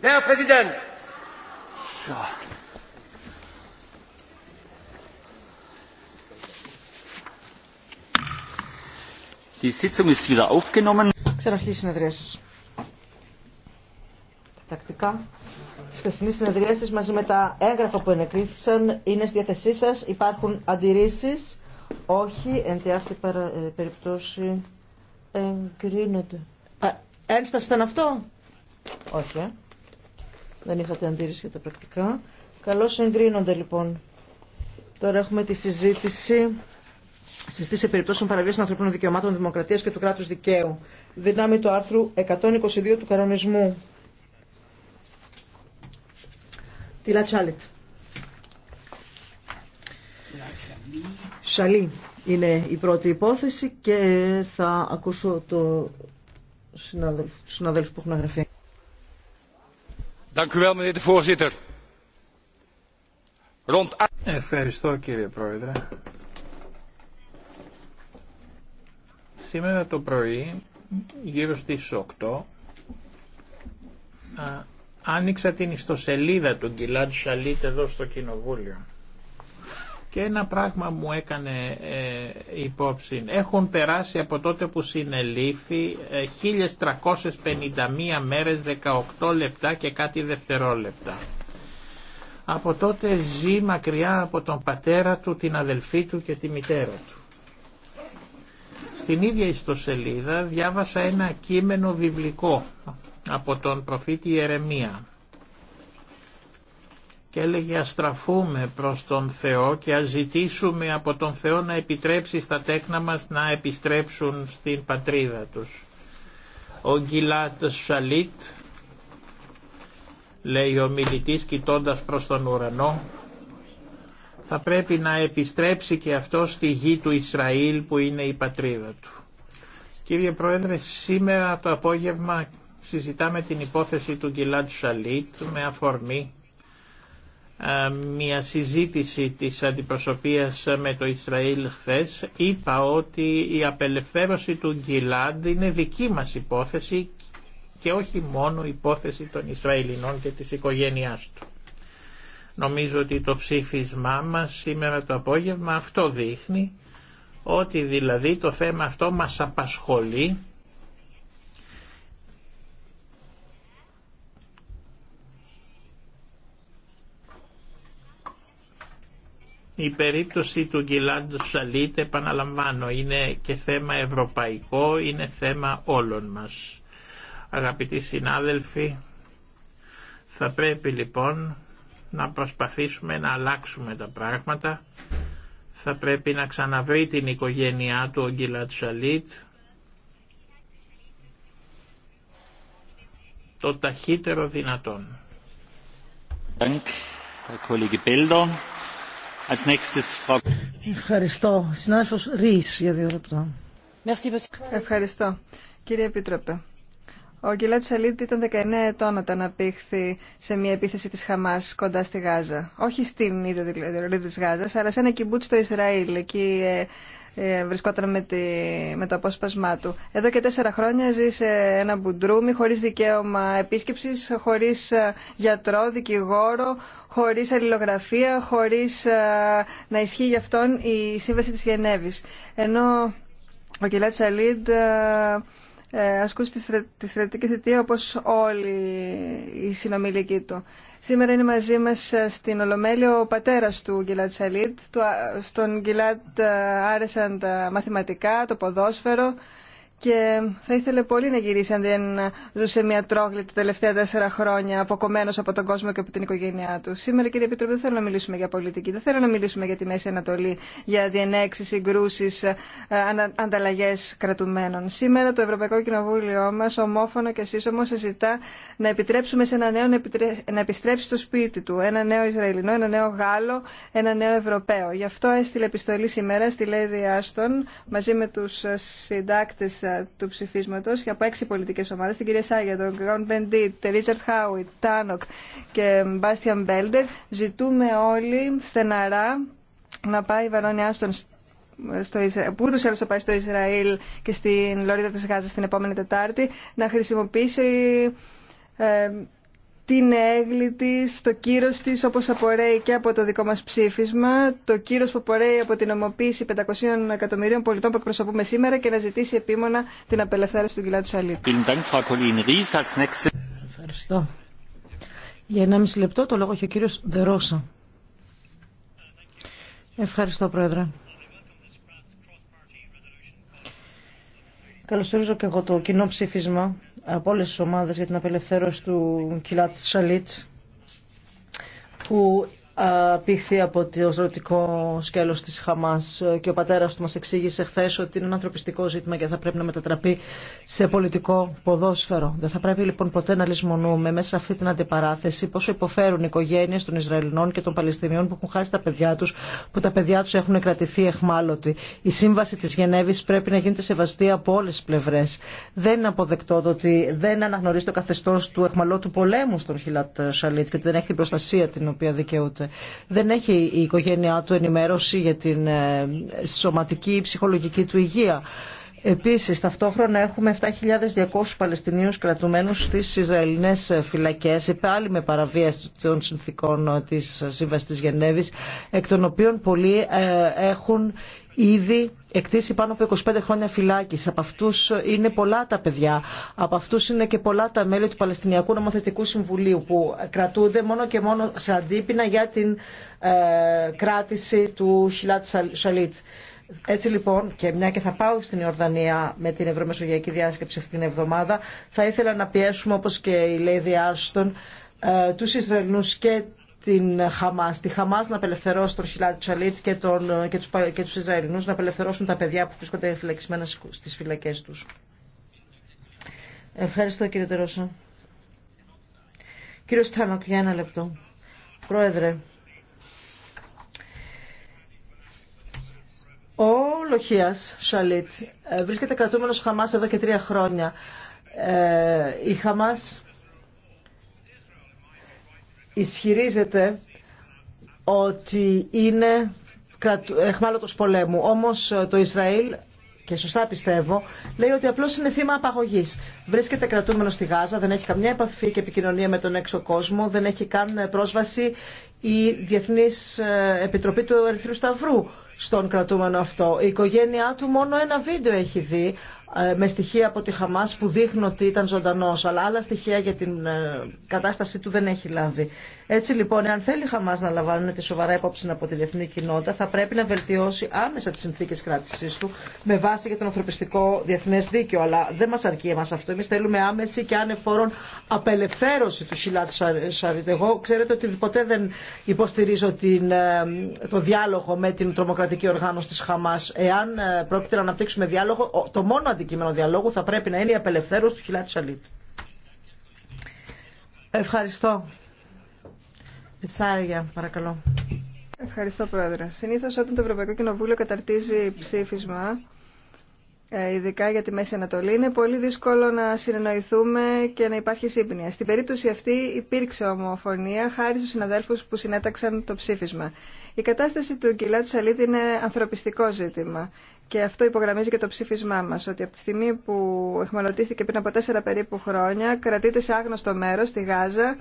Herr Präsident! So. Die Sitzung ist wieder aufgenommen. η συνεδρία Τακτικά. της χθεσινές συνεδρίασης μαζί με τα έγγραφα που ενεκρίθησαν είναι στη διάθεσή σας. Υπάρχουν αντιρρήσεις. Όχι. Εν αυτή ε, περίπτωση εγκρίνεται. Ένσταση ήταν αυτό. Όχι. Ε. Δεν είχατε αντίρρηση για τα πρακτικά. Καλώς εγκρίνονται λοιπόν. Τώρα έχουμε τη συζήτηση συστήσει περιπτώσεων παραβίαση των ανθρωπίνων δικαιωμάτων, δημοκρατία και του κράτου δικαίου. Δυνάμει του άρθρου 122 του κανονισμού. Τι Λατσάλετ. Σαλή είναι η πρώτη υπόθεση και θα ακούσω το συναδέλφου που έχουν γραφεί. Ευχαριστώ κύριε Πρόεδρε. Σήμερα το πρωί, γύρω στις 8, άνοιξα την ιστοσελίδα του Γκυλάντ Σαλίτ εδώ στο Κοινοβούλιο. Και ένα πράγμα μου έκανε ε, υπόψη. Έχουν περάσει από τότε που συνελήφθη 1351 ε, μέρες 18 λεπτά και κάτι δευτερόλεπτα. Από τότε ζει μακριά από τον πατέρα του, την αδελφή του και τη μητέρα του. Στην ίδια ιστοσελίδα διάβασα ένα κείμενο βιβλικό από τον προφήτη Ερεμία και έλεγε αστραφούμε στραφούμε προς τον Θεό και ας ζητήσουμε από τον Θεό να επιτρέψει στα τέκνα μας να επιστρέψουν στην πατρίδα τους. Ο Γκυλάτ Σαλίτ λέει ο μιλητής κοιτώντας προς τον ουρανό θα πρέπει να επιστρέψει και αυτό στη γη του Ισραήλ που είναι η πατρίδα του. Κύριε Πρόεδρε, σήμερα το απόγευμα συζητάμε την υπόθεση του Γκυλάτ Σαλίτ με αφορμή ε, μια συζήτηση της αντιπροσωπείας με το Ισραήλ χθες είπα ότι η απελευθέρωση του Γκυλάντ είναι δική μας υπόθεση και όχι μόνο υπόθεση των Ισραηλινών και της οικογένειάς του. Νομίζω ότι το ψήφισμά μας σήμερα το απόγευμα αυτό δείχνει ότι δηλαδή το θέμα αυτό μας απασχολεί Η περίπτωση του Γκυλάντ Σαλίτ, επαναλαμβάνω, είναι και θέμα ευρωπαϊκό, είναι θέμα όλων μας. Αγαπητοί συνάδελφοι, θα πρέπει λοιπόν να προσπαθήσουμε να αλλάξουμε τα πράγματα. Θα πρέπει να ξαναβρει την οικογένειά του ο Γκυλάντ Σαλίτ, το ταχύτερο δυνατόν. Ευχαριστώ. Συνάδελφος Ρίς για δύο λεπτά. Ευχαριστώ. Κύριε Επίτροπε, ο Γκυλάτ Σαλίτ ήταν 19 ετών όταν απήχθη σε μια επίθεση τη χαμά κοντά στη Γάζα. Όχι στην ίδια δηλαδή, τη Γάζα, αλλά σε ένα κυμπούτσι στο Ισραήλ. Εκεί ε, ε, βρισκόταν με, με το απόσπασμά του. Εδώ και τέσσερα χρόνια ζει σε ένα μπουντρούμι χωρίς δικαίωμα επίσκεψης, χωρίς ε, γιατρό, δικηγόρο, χωρίς αλληλογραφία, χωρίς ε, να ισχύει γι' αυτόν η σύμβαση της Γενέβης. Ενώ ο Κιλάτ Σαλίντ ασκούσε τη στρατιωτική θητεία όπως όλοι οι συνομιλικοί του. Σήμερα είναι μαζί μας ε, στην Ολομέλεια ο πατέρας του Γκυλάτ Σαλίτ. Στον Γκυλάτ ε, άρεσαν τα ε, μαθηματικά, το ποδόσφαιρο και θα ήθελε πολύ να γυρίσει αν δεν ζούσε μια τρόγλη τα τελευταία τέσσερα χρόνια αποκομμένο από τον κόσμο και από την οικογένειά του. Σήμερα, κύριε Επίτροπε, δεν θέλω να μιλήσουμε για πολιτική, δεν θέλω να μιλήσουμε για τη Μέση Ανατολή, για διενέξει, συγκρούσει, ε, ανταλλαγέ κρατουμένων. Σήμερα το Ευρωπαϊκό Κοινοβούλιο μα, ομόφωνο και σύσσωμο, συζητά να επιτρέψουμε σε ένα νέο να επιστρέψει στο σπίτι του. Ένα νέο Ισραηλινό, ένα νέο Γάλλο, ένα νέο Ευρωπαίο. Γι' αυτό έστειλε επιστολή σήμερα στη Λέιδη Άστον μαζί με του συντάκτε του ψηφίσματο από έξι πολιτικέ ομάδε, την κυρία Σάγια, τον Γκάουν Μπεντίτ, Ρίτσαρτ Χάουιτ, Τάνοκ και Μπάστιαν Μπέλντερ, ζητούμε όλοι στεναρά να πάει η Βαρόνια Άστον στο Ισραήλ, που ούτως θα πάει στο Ισραήλ και στην Λωρίδα της Γάζας την επόμενη Τετάρτη να χρησιμοποιήσει ε, την έγκλη τη, το κύρο τη, όπω απορρέει και από το δικό μα ψήφισμα, το κύρο που απορρέει από την ομοποίηση 500 εκατομμυρίων πολιτών που εκπροσωπούμε σήμερα και να ζητήσει επίμονα την απελευθέρωση του κοιλάτου Σαλίτ. Ευχαριστώ. Για 1,5 λεπτό το λόγο έχει ο κύριο Δερόσα. Ευχαριστώ, Πρόεδρε. Καλωσορίζω και εγώ το κοινό ψήφισμα από όλες τις ομάδες για την απελευθέρωση του Κιλάτ Σαλίτ που πήχθη από το ζωτικό σκέλο τη χαμά και ο πατέρα του μα εξήγησε χθε ότι είναι ένα ανθρωπιστικό ζήτημα και θα πρέπει να μετατραπεί σε πολιτικό ποδόσφαιρο. Δεν θα πρέπει λοιπόν ποτέ να λησμονούμε μέσα σε αυτή την αντιπαράθεση πόσο υποφέρουν οι οικογένειε των Ισραηλινών και των Παλαιστινίων που έχουν χάσει τα παιδιά του, που τα παιδιά του έχουν κρατηθεί εχμάλωτοι. Η σύμβαση τη Γενέβη πρέπει να γίνεται σεβαστή από όλε τι πλευρέ. Δεν είναι αποδεκτό ότι δεν αναγνωρίζει το καθεστώ του εχμαλώτου πολέμου στον Χιλάτ Σαλίτ και ότι δεν έχει την προστασία την οποία δικαιούται δεν έχει η οικογένειά του ενημέρωση για την ε, σωματική ή ψυχολογική του υγεία. Επίσης, ταυτόχρονα έχουμε 7.200 Παλαιστινίου κρατουμένου στι Ισραηλινές φυλακές, πάλι με παραβίαση των συνθήκων της Σύμβαση τη Γενέβη, εκ των οποίων πολλοί ε, έχουν ήδη εκτίσει πάνω από 25 χρόνια φυλάκιση. Από αυτού είναι πολλά τα παιδιά. Από αυτού είναι και πολλά τα μέλη του Παλαιστινιακού Νομοθετικού Συμβουλίου που κρατούνται μόνο και μόνο σε αντίπεινα για την ε, κράτηση του Χιλάτ Σαλίτ. Έτσι λοιπόν, και μια και θα πάω στην Ιορδανία με την Ευρωμεσογειακή Διάσκεψη αυτήν την εβδομάδα, θα ήθελα να πιέσουμε όπως και η Λέιδη Άστον ε, τους Ισραηλινούς και την Χαμάς. Τη Χαμάς να απελευθερώσει τον Χιλάτ Τσαλίτ και, τον, και, τους, και τους Ισραηλινούς να απελευθερώσουν τα παιδιά που βρίσκονται φυλακισμένα στις φυλακές τους. Ευχαριστώ κύριε Τερόσα. Κύριο Στάνοκ, για ένα λεπτό. Πρόεδρε, ο Λοχίας Σαλίτ ε, βρίσκεται κρατούμενος Χαμάς εδώ και τρία χρόνια. Ε, η Χαμάς ισχυρίζεται ότι είναι εχμάλωτος πολέμου. Όμως ε, το Ισραήλ και σωστά πιστεύω, λέει ότι απλώς είναι θύμα απαγωγής. Βρίσκεται κρατούμενο στη Γάζα, δεν έχει καμιά επαφή και επικοινωνία με τον έξω κόσμο, δεν έχει καν ε, πρόσβαση η Διεθνής ε, Επιτροπή του Ερυθρού Σταυρού στον κρατούμενο αυτό. Η οικογένειά του μόνο ένα βίντεο έχει δει ε, με στοιχεία από τη Χαμάς που δείχνουν ότι ήταν ζωντανός, αλλά άλλα στοιχεία για την ε, κατάστασή του δεν έχει λάβει. Έτσι λοιπόν, αν θέλει η Χαμά να τη σοβαρά υπόψη από τη διεθνή κοινότητα, θα πρέπει να βελτιώσει άμεσα τι συνθήκε κράτησή του με βάση για τον ανθρωπιστικό διεθνέ δίκαιο. Αλλά δεν μα αρκεί εμά αυτό. Εμεί θέλουμε άμεση και ανεφόρον απελευθέρωση του Σιλάτ Σαρίτ. Εγώ ξέρετε ότι ποτέ δεν υποστηρίζω την, ε, το διάλογο με την τρομοκρατική οργάνωση τη Χαμά. Εάν ε, πρόκειται να αναπτύξουμε διάλογο, το μόνο αντικείμενο διαλόγου θα πρέπει να είναι η απελευθέρωση του Χιλάτ Σαλίτ. Ευχαριστώ παρακαλώ. Ευχαριστώ, Πρόεδρε. Συνήθω όταν το Ευρωπαϊκό Κοινοβούλιο καταρτίζει ψήφισμα, ε, ειδικά για τη Μέση Ανατολή, είναι πολύ δύσκολο να συνεννοηθούμε και να υπάρχει σύμπνοια. Στην περίπτωση αυτή υπήρξε ομοφωνία χάρη στου συναδέλφου που συνέταξαν το ψήφισμα. Η κατάσταση του του Σαλίτ είναι ανθρωπιστικό ζήτημα. Και αυτό υπογραμμίζει και το ψήφισμά μα, ότι από τη στιγμή που εχμαλωτίστηκε πριν από τέσσερα περίπου χρόνια, κρατείται σε άγνωστο μέρο, στη Γάζα,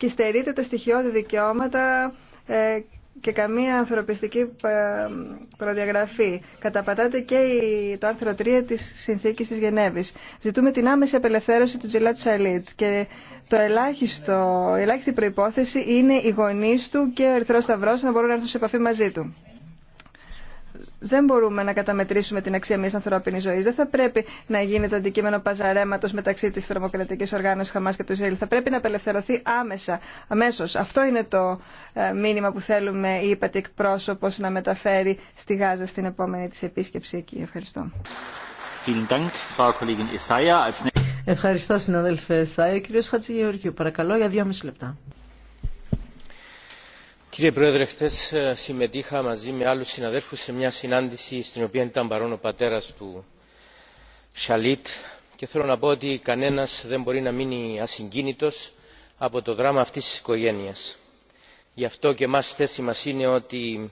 και στερείται τα στοιχειώδη δικαιώματα ε, και καμία ανθρωπιστική ε, προδιαγραφή. Καταπατάται και το άρθρο 3 της Συνθήκης της Γενέβης. Ζητούμε την άμεση απελευθέρωση του Τζιλάτ Σαλίτ και το ελάχιστο, η ελάχιστη προϋπόθεση είναι οι γονείς του και ο Ερθρός Σταυρός να μπορούν να έρθουν σε επαφή μαζί του δεν μπορούμε να καταμετρήσουμε την αξία μια ανθρώπινη ζωή. Δεν θα πρέπει να γίνεται αντικείμενο παζαρέματο μεταξύ τη τρομοκρατική οργάνωση Χαμά και του Ισραήλ. Θα πρέπει να απελευθερωθεί άμεσα, αμέσω. Αυτό είναι το ε, μήνυμα που θέλουμε η υπατική πρόσωπο να μεταφέρει στη Γάζα στην επόμενη τη επίσκεψη εκεί. Ευχαριστώ. Ευχαριστώ, συναδέλφε Σάια. κύριο Χατζηγεωργίου, παρακαλώ, για δύο μισή λεπτά. Κύριε Πρόεδρε, χθε ε, συμμετείχα μαζί με άλλου συναδέλφου σε μια συνάντηση στην οποία ήταν παρόν ο πατέρα του Σαλίτ και θέλω να πω ότι κανένα δεν μπορεί να μείνει ασυγκίνητο από το δράμα αυτή τη οικογένεια. Γι' αυτό και εμά θέση μα είναι ότι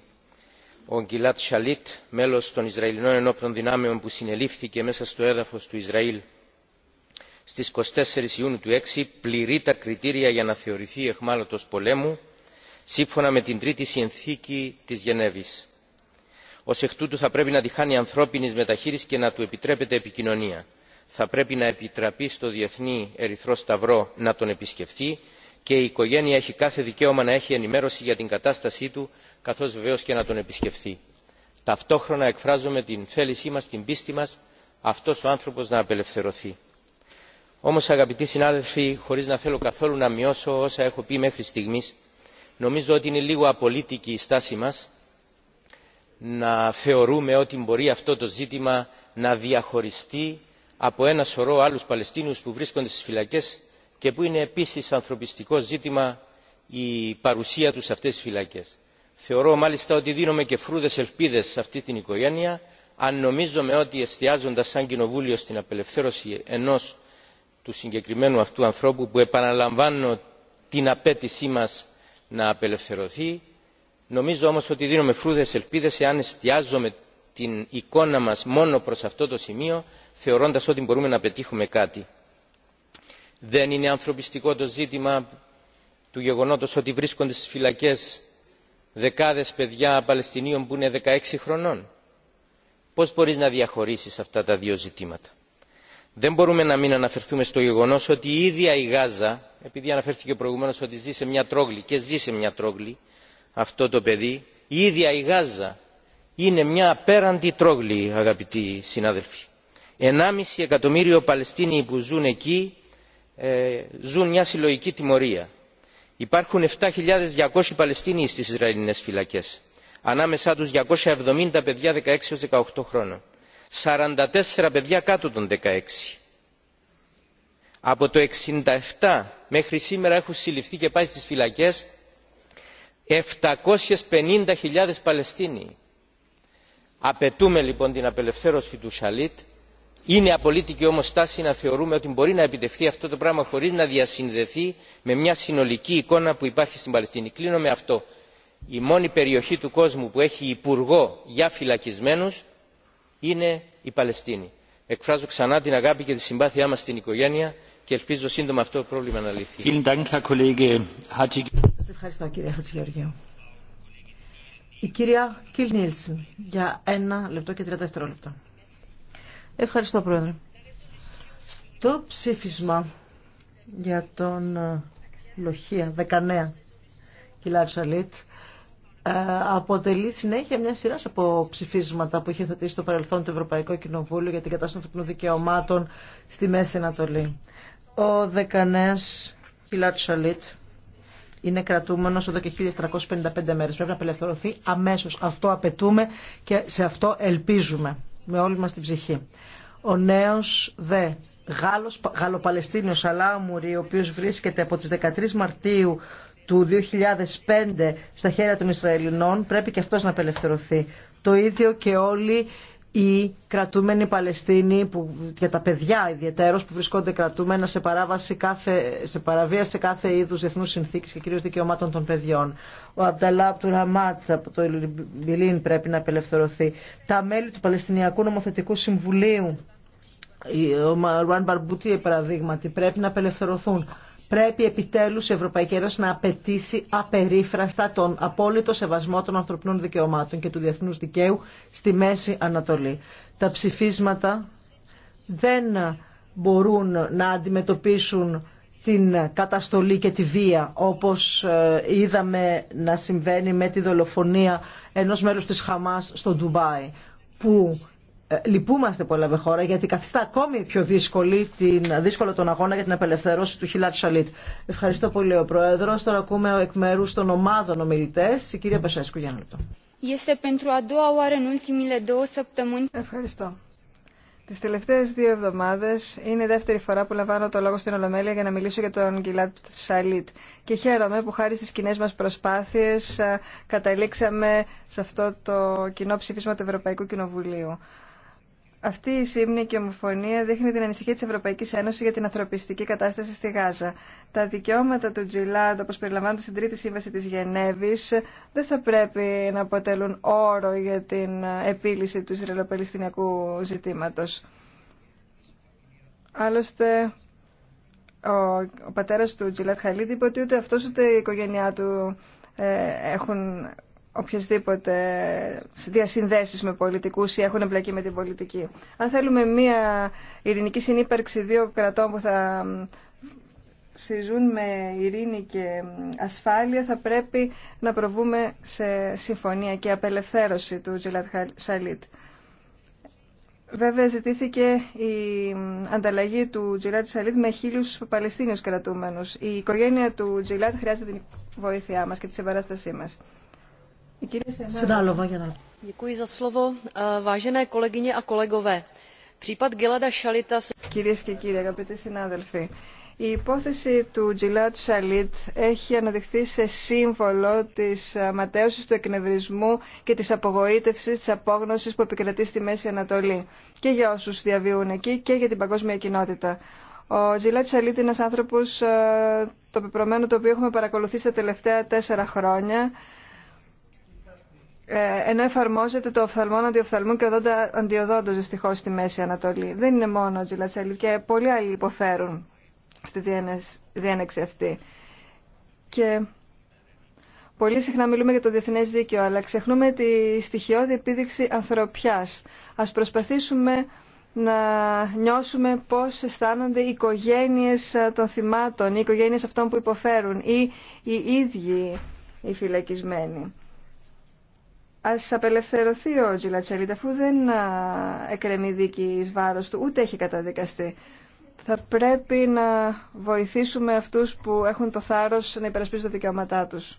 ο Γκυλάτ Σαλίτ, μέλο των Ισραηλινών Ενόπλων Δυνάμεων που συνελήφθηκε μέσα στο έδαφο του Ισραήλ στι 24 Ιούνιου του 2006, πληρεί τα κριτήρια για να θεωρηθεί εχμάλωτο πολέμου σύμφωνα με την τρίτη συνθήκη τη Γενέβη. ω εκ τούτου θα πρέπει να τη χάνει ανθρώπινη μεταχείριση και να του επιτρέπεται επικοινωνία. θα πρέπει να επιτραπεί στο διεθνή ερυθρό σταυρό να τον επισκεφθεί και η οικογένεια έχει κάθε δικαίωμα να έχει ενημέρωση για την κατάστασή του καθώ βεβαίω και να τον επισκεφθεί. ταυτόχρονα εκφράζουμε την θέλησή μα την πίστη μα, αυτό ο άνθρωπο να απελευθερωθεί. Όμω, αγαπητοί συνάδελφοι χωρί να θέλω καθόλου να μειώσω όσα έχω πει μέχρι στιγμή, νομίζω ότι είναι λίγο απολύτικη η στάση μας να θεωρούμε ότι μπορεί αυτό το ζήτημα να διαχωριστεί από ένα σωρό άλλους Παλαιστίνιους που βρίσκονται στις φυλακές και που είναι επίσης ανθρωπιστικό ζήτημα η παρουσία τους σε αυτές τις φυλακές. Θεωρώ μάλιστα ότι δίνουμε και φρούδες ελπίδες σε αυτή την οικογένεια αν νομίζουμε ότι εστιάζοντας σαν κοινοβούλιο στην απελευθέρωση ενός του συγκεκριμένου αυτού ανθρώπου που επαναλαμβάνω την απέτησή μας να απελευθερωθεί. Νομίζω όμως ότι δίνουμε φρούδες ελπίδες εάν εστιάζουμε την εικόνα μας μόνο προς αυτό το σημείο, θεωρώντας ότι μπορούμε να πετύχουμε κάτι. Δεν είναι ανθρωπιστικό το ζήτημα του γεγονότος ότι βρίσκονται στις φυλακές δεκάδες παιδιά Παλαιστινίων που είναι 16 χρονών. Πώς μπορείς να διαχωρίσεις αυτά τα δύο ζητήματα δεν μπορούμε να μην αναφερθούμε στο γεγονό ότι η ίδια η γάζα επειδή αναφέρθηκε προηγουμένω ότι ζει σε μια τρόγλη και ζει σε μια τρόγλη αυτό το παιδί η ίδια η γάζα είναι μια απέραντη τρόγλη αγαπητοί συνάδελφοι. ενάμιση εκατομμύριο παλαιστίνοι που ζουν εκεί ε, ζουν μια συλλογική τιμωρία. υπάρχουν 7.200 παλαιστίνοι στι Ισραηλινέ φυλακέ, ανάμεσά του 270 παιδιά 16 18 χρόνων 44 παιδιά κάτω των 16. Από το 67 μέχρι σήμερα έχουν συλληφθεί και πάει στις φυλακές 750.000 Παλαιστίνοι. Απαιτούμε λοιπόν την απελευθέρωση του Σαλίτ. Είναι απολύτικη όμω τάση να θεωρούμε ότι μπορεί να επιτευχθεί αυτό το πράγμα χωρί να διασυνδεθεί με μια συνολική εικόνα που υπάρχει στην Παλαιστίνη. Κλείνω με αυτό. Η μόνη περιοχή του κόσμου που έχει υπουργό για φυλακισμένου είναι η Παλαιστίνη. Εκφράζω ξανά την αγάπη και τη συμπάθειά μας στην οικογένεια και ελπίζω σύντομα αυτό το πρόβλημα να λυθεί. ευχαριστώ κύριε Χατζηγεωργίου. Η κυρία Κιλ Νίλσεν για ένα λεπτό και 30 δευτερόλεπτα. Ευχαριστώ πρόεδρε. Το ψήφισμα για τον Λοχία 19 Κιλάρ Σαλίτ ε, αποτελεί συνέχεια μια σειρά από ψηφίσματα που είχε θετήσει στο παρελθόν το Ευρωπαϊκό Κοινοβούλιο για την κατάσταση των δικαιωμάτων στη Μέση Ανατολή. Ο Δεκανές Χιλάτ Σαλίτ είναι κρατούμενο εδώ και 1355 μέρε. Πρέπει να απελευθερωθεί αμέσω. Αυτό απαιτούμε και σε αυτό ελπίζουμε με όλη μα την ψυχή. Ο νέο δε Γάλλος, Γαλλοπαλαιστίνιος Αλάμουρη, ο οποίος βρίσκεται από τις 13 Μαρτίου του 2005 στα χέρια των Ισραηλινών πρέπει και αυτός να απελευθερωθεί. Το ίδιο και όλοι οι κρατούμενοι Παλαιστίνοι που, για τα παιδιά ιδιαίτερως που βρισκόνται κρατούμενα σε, παράβαση κάθε, σε παραβίαση κάθε είδους διεθνούς συνθήκης και κυρίως δικαιωμάτων των παιδιών. Ο Αμπταλά Ραμάτ από το Ιλμπιλίν πρέπει να απελευθερωθεί. Τα μέλη του Παλαιστινιακού Νομοθετικού Συμβουλίου, ο Μαρουάν Μπαρμπουτή παραδείγματι, πρέπει να απελευθερωθούν. Πρέπει επιτέλους η Ευρωπαϊκή Ένωση να απαιτήσει απερίφραστα τον απόλυτο σεβασμό των ανθρωπινών δικαιωμάτων και του διεθνούς δικαίου στη Μέση Ανατολή. Τα ψηφίσματα δεν μπορούν να αντιμετωπίσουν την καταστολή και τη βία όπως ε, είδαμε να συμβαίνει με τη δολοφονία ενός μέλους της Χαμάς στο Ντουμπάι που ε, λυπούμαστε που έλαβε χώρα γιατί καθιστά ακόμη πιο δύσκολη την, δύσκολο τον αγώνα για την απελευθέρωση του Χιλάτ Σαλίτ. Ευχαριστώ πολύ ο Πρόεδρος. Τώρα ακούμε εκ μέρου των ομάδων ομιλητές. Η κυρία Μπεσέσκου, για ένα λεπτό. Ευχαριστώ. Τι τελευταίε δύο εβδομάδε είναι η δεύτερη φορά που λαμβάνω το λόγο στην Ολομέλεια για να μιλήσω για τον Γκυλάτ Σαλίτ. Και χαίρομαι που χάρη στι κοινέ μα προσπάθειε ε, καταλήξαμε σε αυτό το κοινό ψήφισμα του Ευρωπαϊκού Κοινοβουλίου. Αυτή η σύμνη και ομοφωνία δείχνει την ανησυχία τη Ευρωπαϊκή Ένωση για την ανθρωπιστική κατάσταση στη Γάζα. Τα δικαιώματα του Τζιλάντ, όπω περιλαμβάνονται στην Τρίτη Σύμβαση τη Γενέβη, δεν θα πρέπει να αποτελούν όρο για την επίλυση του Ισραηλοπαλαιστινιακού ζητήματο. Άλλωστε, ο, ο πατέρα του Τζιλάντ Χαλίδη είπε ότι ούτε αυτό ούτε η οικογένειά του ε, έχουν οποιασδήποτε διασυνδέσεις με πολιτικούς ή έχουν εμπλακεί με την πολιτική. Αν θέλουμε μια ειρηνική συνύπαρξη δύο κρατών που θα συζούν με ειρήνη και ασφάλεια θα πρέπει να προβούμε σε συμφωνία και απελευθέρωση του Τζιλάτ Σαλίτ. Βέβαια ζητήθηκε η ανταλλαγή του Τζιλάτ Σαλίτ με χίλιους Παλαιστίνιου κρατούμένου. Η οικογένεια του Τζιλάτ χρειάζεται την βοήθειά μα και τη συμπαράστασή μα. Η για να... και κύριοι, αγαπητοί συνάδελφοι, η υπόθεση του Τζιλάτ Σαλίτ έχει αναδειχθεί σε σύμβολο τη ματέωσης του εκνευρισμού και τη απογοήτευση, τη απόγνωση που επικρατεί στη Μέση Ανατολή και για όσου διαβιούν εκεί και για την παγκόσμια κοινότητα. Ο Τζιλάτ Σαλίτ είναι ένα άνθρωπο ε, το πεπρωμένο το οποίο έχουμε παρακολουθήσει τα τελευταία τέσσερα χρόνια ε, ενώ εφαρμόζεται το οφθαλμόν αντιοφθαλμού και οδόντα αντιοδόντος δυστυχώς στη Μέση Ανατολή. Δεν είναι μόνο ο Τζιλατσέλη και πολλοί άλλοι υποφέρουν στη διένεξη αυτή. Και πολύ συχνά μιλούμε για το διεθνές δίκαιο, αλλά ξεχνούμε τη στοιχειώδη επίδειξη ανθρωπιάς. Ας προσπαθήσουμε να νιώσουμε πώς αισθάνονται οι οικογένειες των θυμάτων, οι οικογένειες αυτών που υποφέρουν ή οι ίδιοι οι φυλακισμένοι. Ας απελευθερωθεί ο Τζιλατσέλιτ αφού δεν εκρεμεί δίκη εις βάρος του, ούτε έχει καταδικαστεί. Θα πρέπει να βοηθήσουμε αυτούς που έχουν το θάρρος να υπερασπίσουν τα δικαιώματά τους.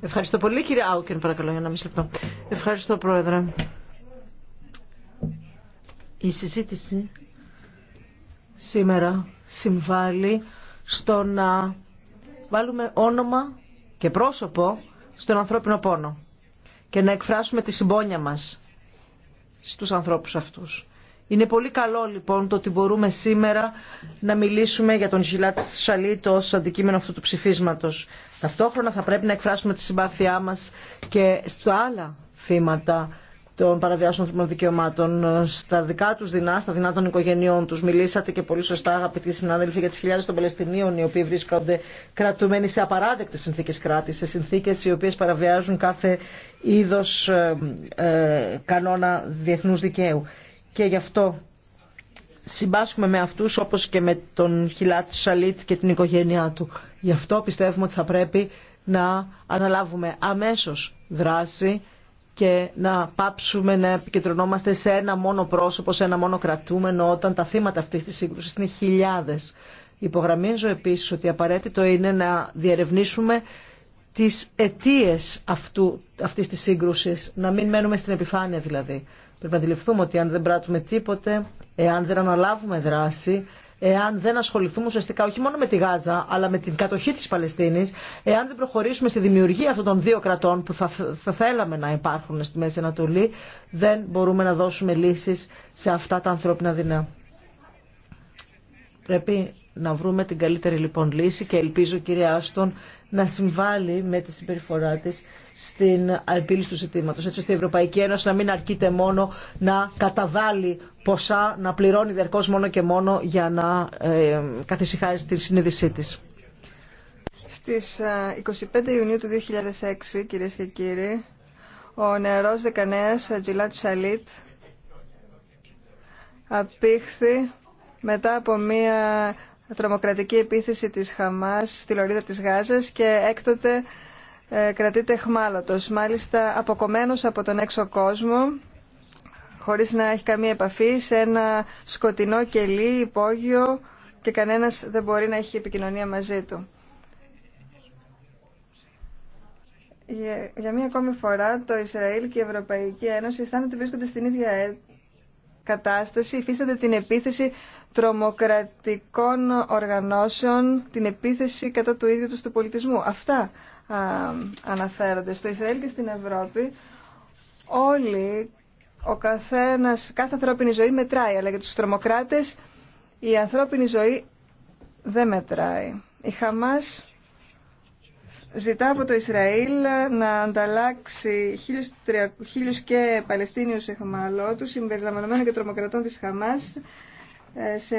Ευχαριστώ πολύ κύριε Άουκεν, παρακαλώ για ένα μισή λεπτό. Ευχαριστώ πρόεδρε. Η συζήτηση σήμερα συμβάλλει στο να βάλουμε όνομα και πρόσωπο στον ανθρώπινο πόνο και να εκφράσουμε τη συμπόνια μας στους ανθρώπους αυτούς. Είναι πολύ καλό λοιπόν το ότι μπορούμε σήμερα να μιλήσουμε για τον Γιλάτ Σαλίτ ως αντικείμενο αυτού του ψηφίσματος. Ταυτόχρονα θα πρέπει να εκφράσουμε τη συμπάθειά μας και στα άλλα θύματα των παραβιάσεων ανθρώπινων δικαιωμάτων στα δικά του δεινά, στα δεινά των οικογενειών του. Μιλήσατε και πολύ σωστά, αγαπητοί συνάδελφοι, για τι χιλιάδε των Παλαιστινίων οι οποίοι βρίσκονται κρατουμένοι σε απαράδεκτε συνθήκε κράτη, σε συνθήκε οι οποίε παραβιάζουν κάθε είδο ε, ε, κανόνα διεθνού δικαίου. Και γι' αυτό συμπάσχουμε με αυτού όπω και με τον Χιλάτ Σαλίτ και την οικογένειά του. Γι' αυτό πιστεύουμε ότι θα πρέπει να αναλάβουμε αμέσως δράση και να πάψουμε να επικεντρωνόμαστε σε ένα μόνο πρόσωπο, σε ένα μόνο κρατούμενο, όταν τα θύματα αυτής της σύγκρουση είναι χιλιάδες. Υπογραμμίζω επίσης ότι απαραίτητο είναι να διερευνήσουμε τις αιτίες αυτή τη της να μην μένουμε στην επιφάνεια δηλαδή. Πρέπει να αντιληφθούμε ότι αν δεν πράττουμε τίποτε, εάν δεν αναλάβουμε δράση, εάν δεν ασχοληθούμε ουσιαστικά όχι μόνο με τη Γάζα, αλλά με την κατοχή τη Παλαιστίνη, εάν δεν προχωρήσουμε στη δημιουργία αυτών των δύο κρατών που θα, θα θέλαμε να υπάρχουν στη Μέση Ανατολή, δεν μπορούμε να δώσουμε λύσει σε αυτά τα ανθρώπινα δεινά. Πρέπει να βρούμε την καλύτερη λοιπόν λύση και ελπίζω κυρία Άστον να συμβάλλει με τη συμπεριφορά τη στην επίλυση του ζητήματο. Έτσι ώστε η Ευρωπαϊκή Ένωση να μην αρκείται μόνο να καταβάλει ποσά, να πληρώνει διαρκώ μόνο και μόνο για να ε, τη συνείδησή τη. Στις 25 ε, Ιουνίου του 2006, κυρίε και κύριοι, ο νεαρός δεκανέα Ατζιλάτ ε, Σαλίτ απήχθη μετά από μία τρομοκρατική επίθεση της Χαμάς στη λωρίδα της Γάζας και έκτοτε ε, κρατείται χμάλωτος, μάλιστα αποκομμένος από τον έξω κόσμο, χωρίς να έχει καμία επαφή, σε ένα σκοτεινό κελί υπόγειο και κανένας δεν μπορεί να έχει επικοινωνία μαζί του. Για, μία ακόμη φορά το Ισραήλ και η Ευρωπαϊκή Ένωση αισθάνονται βρίσκονται στην ίδια κατάσταση υφίσταται την επίθεση τρομοκρατικών οργανώσεων, την επίθεση κατά του ίδιου τους του πολιτισμού. Αυτά αναφέρονται στο Ισραήλ και στην Ευρώπη. Όλοι, ο καθένας, κάθε ανθρώπινη ζωή μετράει, αλλά για τους τρομοκράτες η ανθρώπινη ζωή δεν μετράει. Η Χαμάς ζητά από το Ισραήλ να ανταλλάξει χίλιους και Παλαιστίνιους εχμαλώτους συμπεριλαμβανομένων και τρομοκρατών της Χαμάς ε, σε,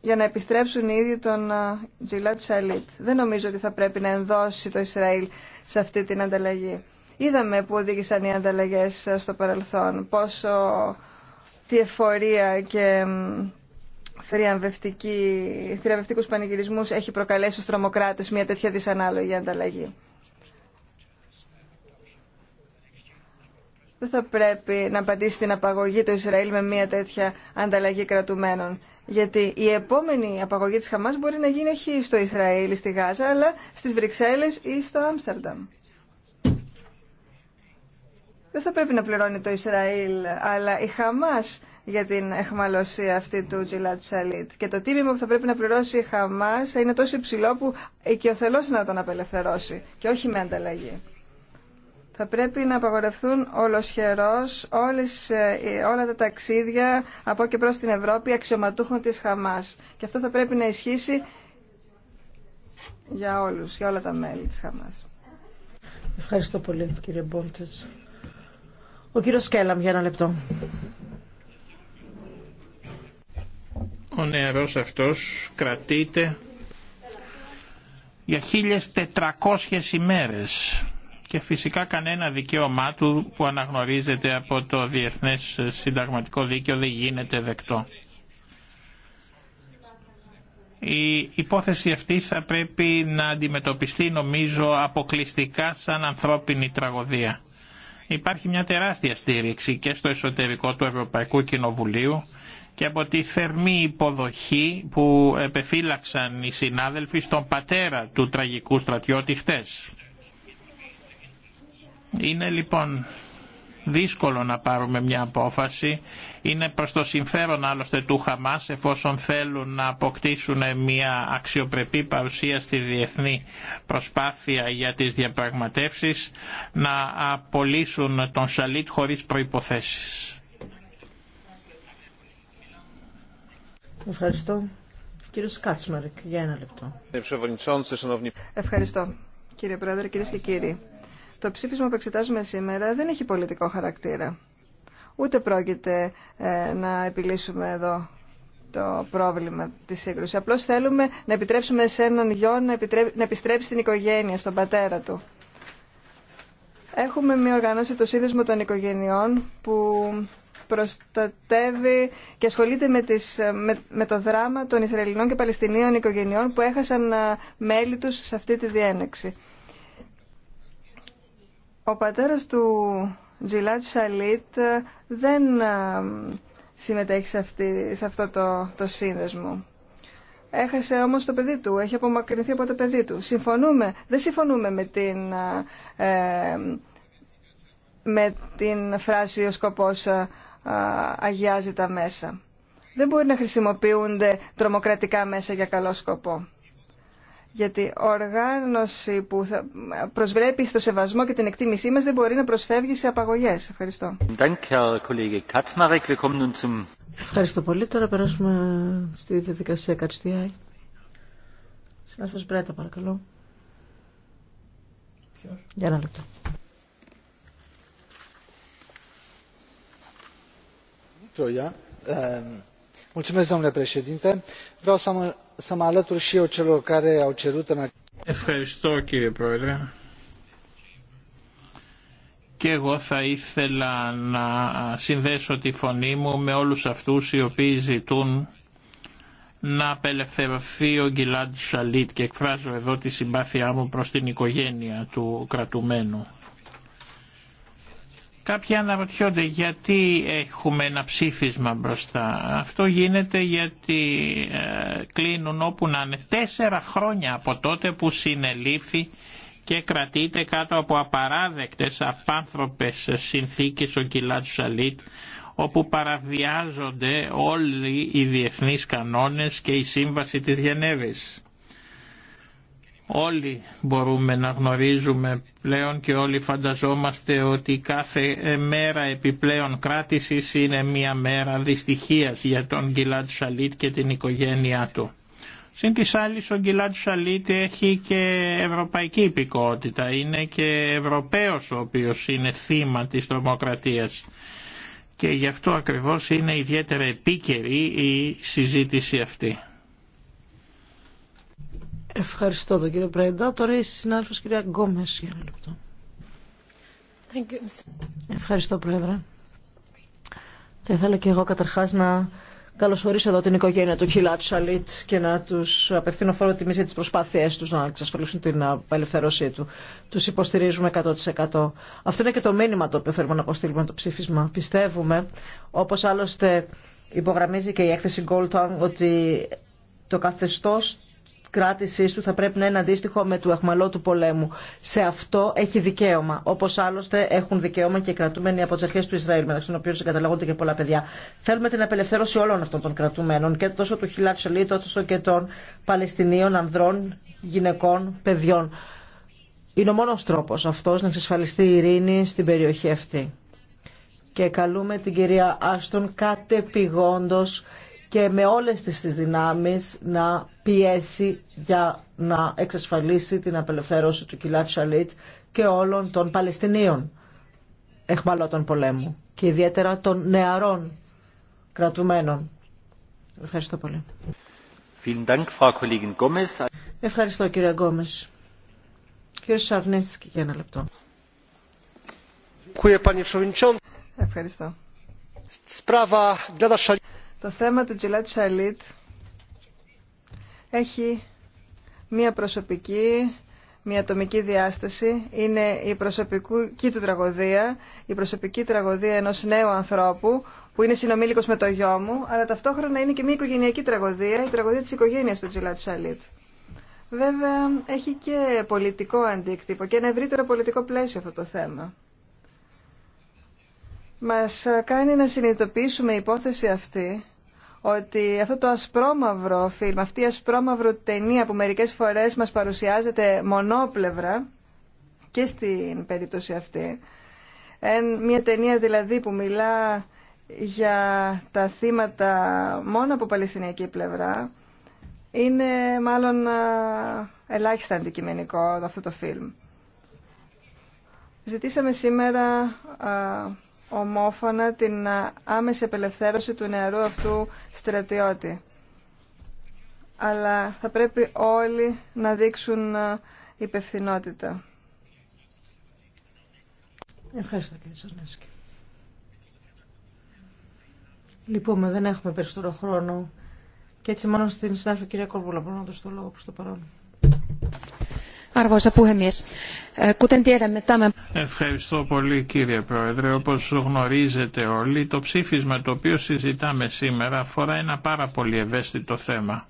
για να επιστρέψουν ήδη τον ε, Τζιλάτ Σαλίτ. Δεν νομίζω ότι θα πρέπει να ενδώσει το Ισραήλ σε αυτή την ανταλλαγή. Είδαμε που οδήγησαν οι ανταλλαγές ε, στο παρελθόν, πόσο τη εφορία και θριαμβευτικούς πανηγυρισμούς έχει προκαλέσει στους τρομοκράτες μια τέτοια δυσανάλογη ανταλλαγή. Δεν θα πρέπει να απαντήσει την απαγωγή του Ισραήλ με μια τέτοια ανταλλαγή κρατουμένων. Γιατί η επόμενη απαγωγή της Χαμάς μπορεί να γίνει όχι στο Ισραήλ ή στη Γάζα, αλλά στις Βρυξέλλες ή στο Άμστερνταμ. Δεν θα πρέπει να πληρώνει το Ισραήλ, αλλά η Χαμάς για την εχμαλωσία αυτή του Τζιλάτ Σαλίτ. Και το τίμημα που θα πρέπει να πληρώσει η Χαμάς είναι τόσο υψηλό που οικειοθελώς να τον απελευθερώσει και όχι με ανταλλαγή. Θα πρέπει να απαγορευτούν ολοσχερός όλες, ε, όλα τα ταξίδια από και προς την Ευρώπη αξιωματούχων της Χαμάς. Και αυτό θα πρέπει να ισχύσει για όλους, για όλα τα μέλη της Χαμάς. Ευχαριστώ πολύ κύριε Ο κύριο Κέλαμ για ένα λεπτό. Ο νεαρός αυτός κρατείται για 1.400 ημέρες και φυσικά κανένα δικαίωμά του που αναγνωρίζεται από το Διεθνές Συνταγματικό Δίκαιο δεν γίνεται δεκτό. Η υπόθεση αυτή θα πρέπει να αντιμετωπιστεί νομίζω αποκλειστικά σαν ανθρώπινη τραγωδία. Υπάρχει μια τεράστια στήριξη και στο εσωτερικό του Ευρωπαϊκού Κοινοβουλίου και από τη θερμή υποδοχή που επεφύλαξαν οι συνάδελφοι στον πατέρα του τραγικού στρατιώτη χτες. Είναι λοιπόν δύσκολο να πάρουμε μια απόφαση. Είναι προς το συμφέρον άλλωστε του Χαμάς εφόσον θέλουν να αποκτήσουν μια αξιοπρεπή παρουσία στη διεθνή προσπάθεια για τις διαπραγματεύσεις να απολύσουν τον Σαλίτ χωρίς προϋποθέσεις. Ευχαριστώ. για ένα λεπτό. Ευχαριστώ. Κύριε Πρόεδρε, κυρίε και κύριοι. Το ψήφισμα που εξετάζουμε σήμερα δεν έχει πολιτικό χαρακτήρα. Ούτε πρόκειται ε, να επιλύσουμε εδώ το πρόβλημα τη σύγκρουση. Απλώς θέλουμε να επιτρέψουμε σε έναν γιο να, να επιστρέψει στην οικογένεια, στον πατέρα του. Έχουμε μια οργανώση το σύνδεσμο των οικογενειών που προστατεύει και ασχολείται με, τις, με, το δράμα των Ισραηλινών και Παλαιστινίων οικογενειών που έχασαν μέλη τους σε αυτή τη διένεξη. Ο πατέρας του Τζιλάτ Σαλίτ δεν συμμετέχει σε, αυτό το, το σύνδεσμο. Έχασε όμως το παιδί του, έχει απομακρυνθεί από το παιδί του. Συμφωνούμε, δεν συμφωνούμε με την ε, με την φράση «Ο σκοπός ε, αγιάζει τα μέσα». Δεν μπορεί να χρησιμοποιούνται τρομοκρατικά μέσα για καλό σκοπό. Γιατί οργάνωση που θα προσβλέπει στο σεβασμό και την εκτίμησή μας δεν μπορεί να προσφεύγει σε απαγωγές. Ευχαριστώ. Ευχαριστώ πολύ. Τώρα περάσουμε στη διαδικασία Κατστιάη. Συνάδελφος Μπρέτα, παρακαλώ. Για ένα λεπτό. Ehm, Ευχαριστώ κύριε Πρόεδρε. Και εγώ θα ήθελα να συνδέσω τη φωνή μου με όλους αυτούς οι οποίοι ζητούν να απελευθερωθεί ο Γκυλάντ Σαλίτ και εκφράζω εδώ τη συμπάθειά μου προς την οικογένεια του κρατουμένου. Κάποιοι αναρωτιόνται γιατί έχουμε ένα ψήφισμα μπροστά. Αυτό γίνεται γιατί ε, κλείνουν όπου να είναι τέσσερα χρόνια από τότε που συνελήφθη και κρατείται κάτω από απαράδεκτες, απάνθρωπες συνθήκες ο Κιλάτ Σαλίτ, όπου παραβιάζονται όλοι οι διεθνείς κανόνες και η σύμβαση της Γενέβης. Όλοι μπορούμε να γνωρίζουμε πλέον και όλοι φανταζόμαστε ότι κάθε μέρα επιπλέον κράτησης είναι μια μέρα δυστυχίας για τον Γκυλάτ Σαλίτ και την οικογένειά του. Συν της άλλης ο Γκυλάτ Σαλίτ έχει και ευρωπαϊκή υπηκότητα, είναι και Ευρωπαίος ο οποίος είναι θύμα της τρομοκρατίας και γι' αυτό ακριβώς είναι ιδιαίτερα επίκαιρη η συζήτηση αυτή. Ευχαριστώ τον κύριο Πρέντα. Τώρα η συνάδελφος κυρία Γκόμες για ένα λεπτό. Ευχαριστώ Πρόεδρε. Θα ήθελα και εγώ καταρχάς να καλωσορίσω εδώ την οικογένεια του Χιλάτ Σαλίτ και να τους απευθύνω φόρο τιμή για τις προσπάθειές τους να εξασφαλίσουν την απελευθέρωσή του. Τους υποστηρίζουμε 100%. Αυτό είναι και το μήνυμα το οποίο θέλουμε να αποστείλουμε το ψήφισμα. Πιστεύουμε, όπως άλλωστε υπογραμμίζει και η έκθεση Goldtown, ότι το καθεστώς κράτησή του θα πρέπει να είναι αντίστοιχο με του αχμαλώτου πολέμου. Σε αυτό έχει δικαίωμα. Όπω άλλωστε έχουν δικαίωμα και οι κρατούμενοι από τι αρχέ του Ισραήλ, μεταξύ των οποίων συγκαταλαγούνται και πολλά παιδιά. Θέλουμε την απελευθέρωση όλων αυτών των κρατουμένων, και τόσο του Χιλάτ Σελίτ, όσο και των Παλαιστινίων, ανδρών, γυναικών, παιδιών. Είναι ο μόνο τρόπο αυτό να εξασφαλιστεί η ειρήνη στην περιοχή αυτή. Και καλούμε την κυρία Άστον κατεπηγόντως και με όλες τις, τις δυνάμεις να πιέσει για να εξασφαλίσει την απελευθέρωση του Κιλάτ Σαλίτ και όλων των Παλαιστινίων εχμαλώτων πολέμου και ιδιαίτερα των νεαρών κρατουμένων. Ευχαριστώ πολύ. Ευχαριστώ κύριε Γκόμες. Κύριε Σαρνέσκη για ένα λεπτό. Ευχαριστώ. Το θέμα του Τζιλάτ Σαλίτ έχει μία προσωπική, μία ατομική διάσταση. Είναι η προσωπική του τραγωδία, η προσωπική τραγωδία ενός νέου ανθρώπου που είναι συνομήλικος με το γιο μου, αλλά ταυτόχρονα είναι και μία οικογενειακή τραγωδία, η τραγωδία της οικογένειας του Τζιλάτ Σαλίτ. Βέβαια, έχει και πολιτικό αντίκτυπο και ένα ευρύτερο πολιτικό πλαίσιο αυτό το θέμα. Μας κάνει να συνειδητοποιήσουμε η υπόθεση αυτή ότι αυτό το ασπρόμαυρο φιλμ, αυτή η ασπρόμαυρο ταινία που μερικές φορές μας παρουσιάζεται μονόπλευρα και στην περίπτωση αυτή, μια ταινία δηλαδή που μιλά για τα θύματα μόνο από παλαισθηνιακή πλευρά, είναι μάλλον ελάχιστα αντικειμενικό αυτό το φιλμ. Ζητήσαμε σήμερα ομόφωνα την άμεση απελευθέρωση του νεαρού αυτού στρατιώτη. Αλλά θα πρέπει όλοι να δείξουν υπευθυνότητα. Ευχαριστώ κύριε Σαρνέσκη. Λυπούμε, δεν έχουμε περισσότερο χρόνο. Και έτσι μόνο στην συνάρφη κυρία Κορβούλα μπορώ να δώσω το λόγο προς το παρόν. Ευχαριστώ πολύ κύριε Πρόεδρε. Όπως γνωρίζετε όλοι, το ψήφισμα το οποίο συζητάμε σήμερα αφορά ένα πάρα πολύ ευαίσθητο θέμα.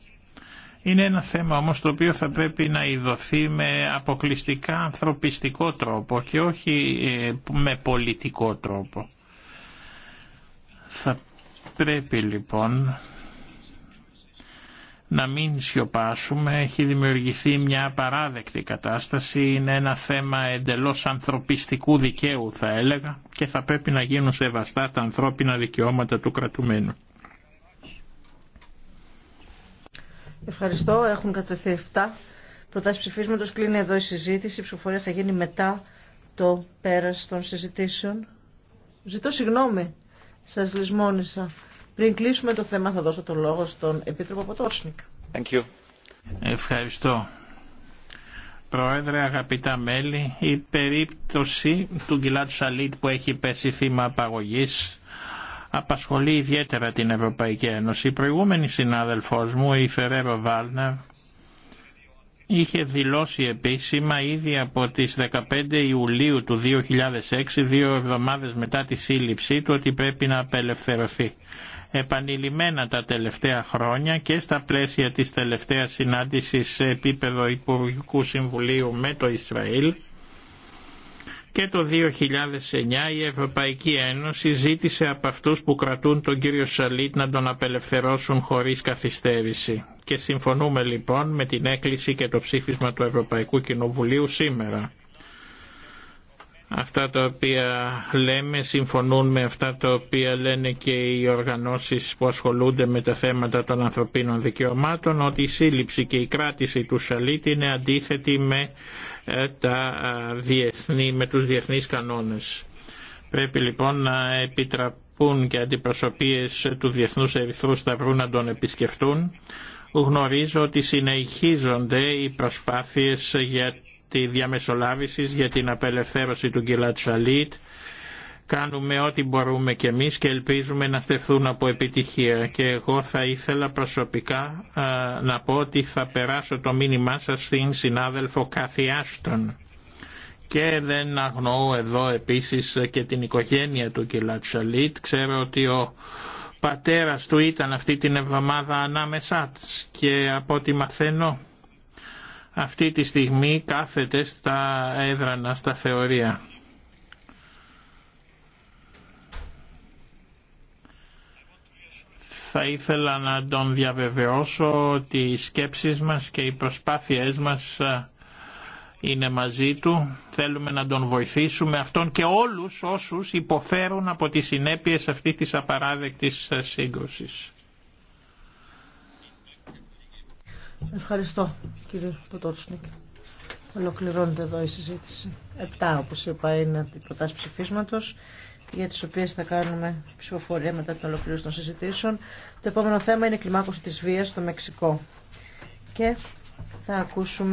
Είναι ένα θέμα όμως το οποίο θα πρέπει να ειδωθεί με αποκλειστικά ανθρωπιστικό τρόπο και όχι ε, με πολιτικό τρόπο. Θα πρέπει λοιπόν να μην σιωπάσουμε. Έχει δημιουργηθεί μια απαράδεκτη κατάσταση. Είναι ένα θέμα εντελώς ανθρωπιστικού δικαίου θα έλεγα και θα πρέπει να γίνουν σεβαστά τα ανθρώπινα δικαιώματα του κρατουμένου. Ευχαριστώ. Έχουν κατεθεί 7 προτάσεις ψηφίσματος. Κλείνει εδώ η συζήτηση. Η ψηφοφορία θα γίνει μετά το πέρας των συζητήσεων. Ζητώ συγγνώμη. Σας λησμόνησα. Πριν κλείσουμε το θέμα θα δώσω τον λόγο στον Επίτροπο Ποτόρσνικ. Ευχαριστώ. Πρόεδρε, αγαπητά μέλη, η περίπτωση του Γκυλάτ Σαλίτ που έχει πέσει θύμα απαγωγής απασχολεί ιδιαίτερα την Ευρωπαϊκή Ένωση. Η προηγούμενη συνάδελφός μου, η Φερέρο Βάλνερ, είχε δηλώσει επίσημα ήδη από τις 15 Ιουλίου του 2006, δύο εβδομάδες μετά τη σύλληψή του, ότι πρέπει να απελευθερωθεί επανειλημμένα τα τελευταία χρόνια και στα πλαίσια της τελευταίας συνάντησης σε επίπεδο Υπουργικού Συμβουλίου με το Ισραήλ και το 2009 η Ευρωπαϊκή Ένωση ζήτησε από αυτούς που κρατούν τον κύριο Σαλίτ να τον απελευθερώσουν χωρίς καθυστέρηση. Και συμφωνούμε λοιπόν με την έκκληση και το ψήφισμα του Ευρωπαϊκού Κοινοβουλίου σήμερα. Αυτά τα οποία λέμε συμφωνούν με αυτά τα οποία λένε και οι οργανώσεις που ασχολούνται με τα θέματα των ανθρωπίνων δικαιωμάτων ότι η σύλληψη και η κράτηση του Σαλίτ είναι αντίθετη με, ε, τα διεθνή, με τους διεθνείς κανόνες. Πρέπει λοιπόν να επιτραπούν και αντιπροσωπείες του Διεθνούς Ερυθρού Σταυρού να τον επισκεφτούν. Γνωρίζω ότι συνεχίζονται οι προσπάθειες για τη διαμεσολάβηση για την απελευθέρωση του Γκυλάτ Σαλίτ. Κάνουμε ό,τι μπορούμε και εμείς και ελπίζουμε να στεφθούν από επιτυχία. Και εγώ θα ήθελα προσωπικά να πω ότι θα περάσω το μήνυμά σας στην συνάδελφο Κάθη Άστον. Και δεν αγνοώ εδώ επίσης και την οικογένεια του Γκυλάτ Σαλίτ. Ξέρω ότι ο πατέρας του ήταν αυτή την εβδομάδα ανάμεσά της και από ό,τι μαθαίνω αυτή τη στιγμή κάθεται στα έδρανα, στα θεωρία. Θα ήθελα να τον διαβεβαιώσω ότι οι σκέψεις μας και οι προσπάθειές μας ε, είναι μαζί του. Θέλουμε να τον βοηθήσουμε αυτόν και όλους όσους υποφέρουν από τις συνέπειες αυτής της απαράδεκτης ε, σύγκρουσης. Ευχαριστώ κύριε Ποτόρσνικ. Ολοκληρώνεται εδώ η συζήτηση. Επτά, όπως είπα, είναι την προτάση ψηφίσματος για τις οποίες θα κάνουμε ψηφοφορία μετά την ολοκλήρωση των συζητήσεων. Το επόμενο θέμα είναι η κλιμάκωση τη βίας στο Μεξικό. Και θα ακούσουμε